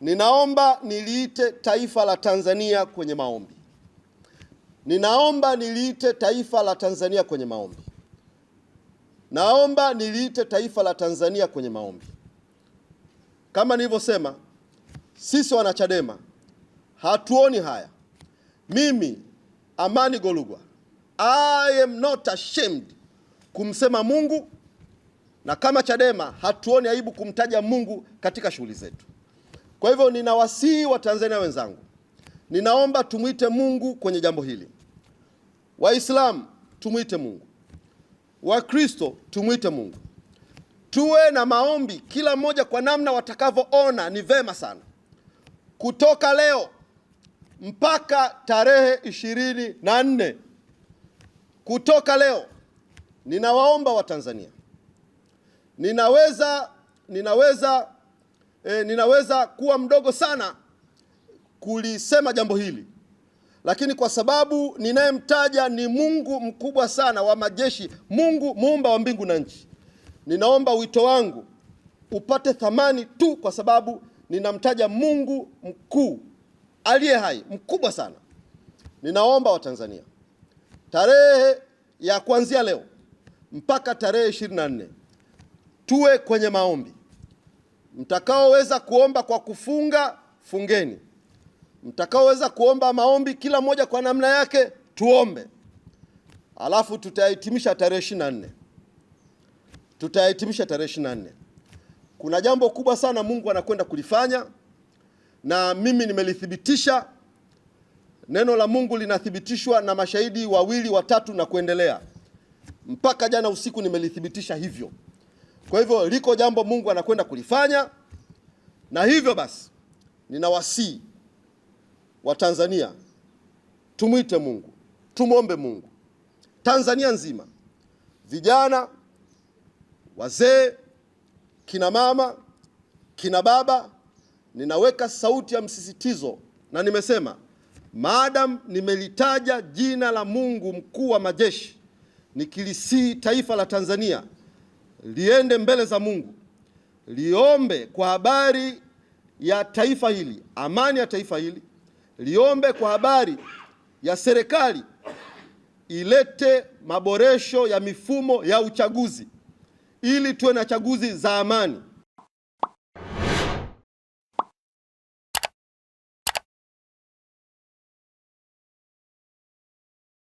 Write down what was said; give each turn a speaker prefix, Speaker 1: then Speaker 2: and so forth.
Speaker 1: Ninaomba niliite taifa la Tanzania kwenye maombi. Ninaomba niliite taifa la Tanzania kwenye maombi. Naomba niliite taifa la Tanzania kwenye maombi. Kama nilivyosema, sisi wanachadema hatuoni haya. Mimi Amani Golugwa, I am not ashamed kumsema Mungu, na kama Chadema hatuoni aibu kumtaja Mungu katika shughuli zetu. Kwa hivyo ninawasihi Watanzania wenzangu, ninaomba tumwite Mungu kwenye jambo hili. Waislamu tumwite Mungu, Wakristo tumwite Mungu, tuwe na maombi kila mmoja kwa namna watakavyoona ni vema sana, kutoka leo mpaka tarehe ishirini na nne kutoka leo ninawaomba Watanzania, ninaweza ninaweza e, ninaweza kuwa mdogo sana kulisema jambo hili, lakini kwa sababu ninayemtaja ni Mungu mkubwa sana wa majeshi, Mungu muumba wa mbingu na nchi, ninaomba wito wangu upate thamani tu kwa sababu ninamtaja Mungu mkuu aliye hai mkubwa sana. Ninaomba Watanzania, tarehe ya kuanzia leo mpaka tarehe 24 tuwe kwenye maombi. Mtakaoweza kuomba kwa kufunga, fungeni. Mtakaoweza kuomba maombi, kila mmoja kwa namna yake, tuombe. Alafu tutahitimisha tarehe 24, tutahitimisha tarehe 24. Kuna jambo kubwa sana Mungu anakwenda kulifanya, na mimi nimelithibitisha. Neno la Mungu linathibitishwa na mashahidi wawili watatu na kuendelea. Mpaka jana usiku nimelithibitisha hivyo. Kwa hivyo liko jambo Mungu anakwenda kulifanya, na hivyo basi wa tanzania tumwite Mungu, tumwombe Mungu. Tanzania nzima, vijana, wazee, kina mama, kina baba, ninaweka sauti ya msisitizo na nimesema maadam nimelitaja jina la Mungu mkuu wa majeshi, nikilisii taifa la Tanzania liende mbele za Mungu liombe kwa habari ya taifa hili, amani ya taifa hili, liombe kwa habari ya serikali ilete maboresho ya mifumo ya uchaguzi ili tuwe na chaguzi za amani.